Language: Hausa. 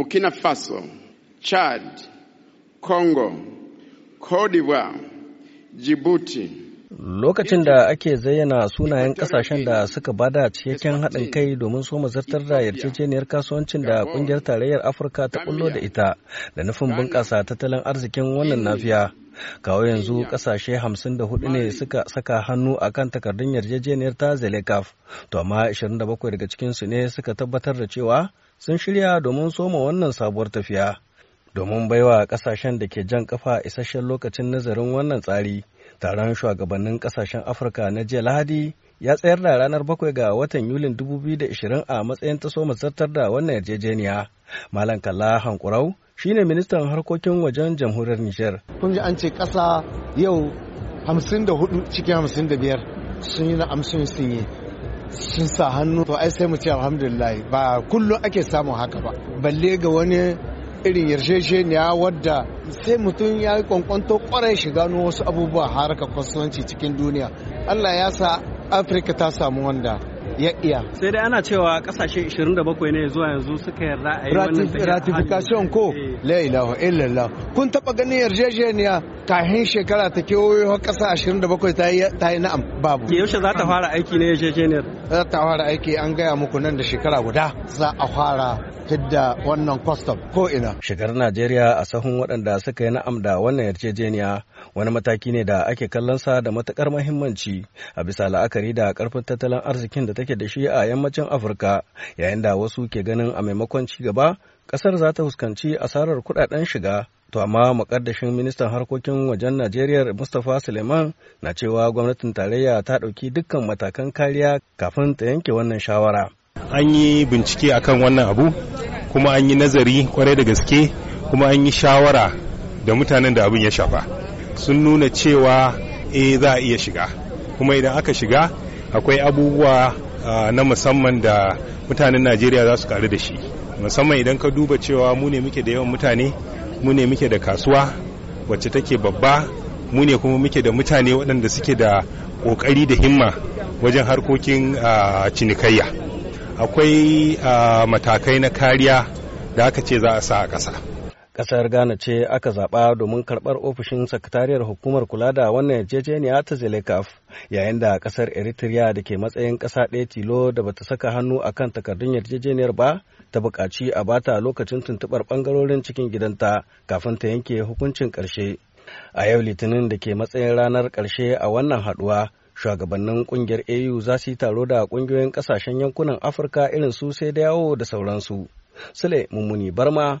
Burkina Faso, Chad, Congo, Cote d'Ivoire, Djibouti. Lokacin da ake zayyana sunayen kasashen da suka bada cikakken haɗin kai domin soma zartar da yarjejeniyar kasuwancin da ƙungiyar tarayyar Afirka ta kullo da ita da nufin bunƙasa tattalin arzikin wannan nafiya. Kawo yanzu kasashe hudu ne suka saka hannu a kan takardun yarjejeniyar ta Zelekaf, to amma 27 daga cikinsu ne suka tabbatar da cewa sun shirya domin soma wannan sabuwar tafiya domin baiwa kasashen da ke jan kafa isasshen lokacin nazarin wannan tsari taron shugabannin kasashen afirka na jiya lahadi ya tsayar da ranar bakwai ga watan yulin 2020 a matsayin ta soma zartar da wannan yarjejeniya malam kalla hankurau shine ministan harkokin wajen jamhuriyar nijar kun ji an ce kasa yau 54 cikin 55 sun yi na amsun sun yi sun sa hannu to ai sai mu ce alhamdulillah ba kullum ake samun haka ba balle ga wani irin yarjejeniya wadda sai mutum ya yi kwankwanto kwarai shi gano wasu abubuwa harkar kwasuwanci cikin duniya allah ya sa afirka ta samu wanda ya iya sai dai ana cewa kasashe 27 ne zuwa yanzu suka yarda a yi wannan ratification ko eh. la ilaha illallah kun taba ganin yarjejeniya kahin shekara ta kewayo kasa 27 ta yi na'am babu yaushe za ta fara aiki ne yarjejeniyar za ta fara aiki an gaya muku nan da shekara guda za a fara fidda wannan kwastam ko ina. Shigar Najeriya a sahun waɗanda suka yi na'am da wannan yarjejeniya wani mataki ne da ake kallon sa da matukar muhimmanci a bisa la'akari da karfin tattalin arzikin da take take da shi a yammacin Afirka, yayin da wasu ke ganin a maimakon ci gaba, ƙasar za ta fuskanci asarar kuɗaɗen shiga. To amma makaddashin ministan harkokin wajen Najeriya Mustapha Suleiman na cewa gwamnatin tarayya ta ɗauki dukkan matakan kariya kafin ta yanke wannan shawara. An yi bincike akan wannan abu, kuma an yi nazari kwarai da gaske, kuma an yi shawara da mutanen da abin ya shafa. Sun nuna cewa e za a iya shiga, kuma idan aka shiga akwai abubuwa na musamman da mutanen najeriya za su karu da shi musamman idan ka duba cewa mu ne muke da yawan mutane mu ne muke da kasuwa wacce take babba mu ne kuma muke da mutane waɗanda suke da ƙoƙari da himma wajen harkokin cinikayya akwai matakai na kariya da aka ce za a sa a ƙasa Ƙasar Ghana ce aka zaba domin karɓar ofishin sakatariyar hukumar kula da wannan yarjejeniya ta Zelekaf yayin da ƙasar Eritrea da ke matsayin ƙasa ɗaya tilo da bata saka hannu a kan takardun yarjejeniyar ba ta buƙaci a bata lokacin tuntuɓar ɓangarorin cikin gidanta kafin ta yanke hukuncin ƙarshe. A yau Litinin da ke matsayin ranar ƙarshe a wannan haɗuwa shugabannin ƙungiyar AU za su yi taro da ƙungiyoyin ƙasashen yankunan Afirka irin su sai da yawo da sauransu. Sule Mummuni Barma,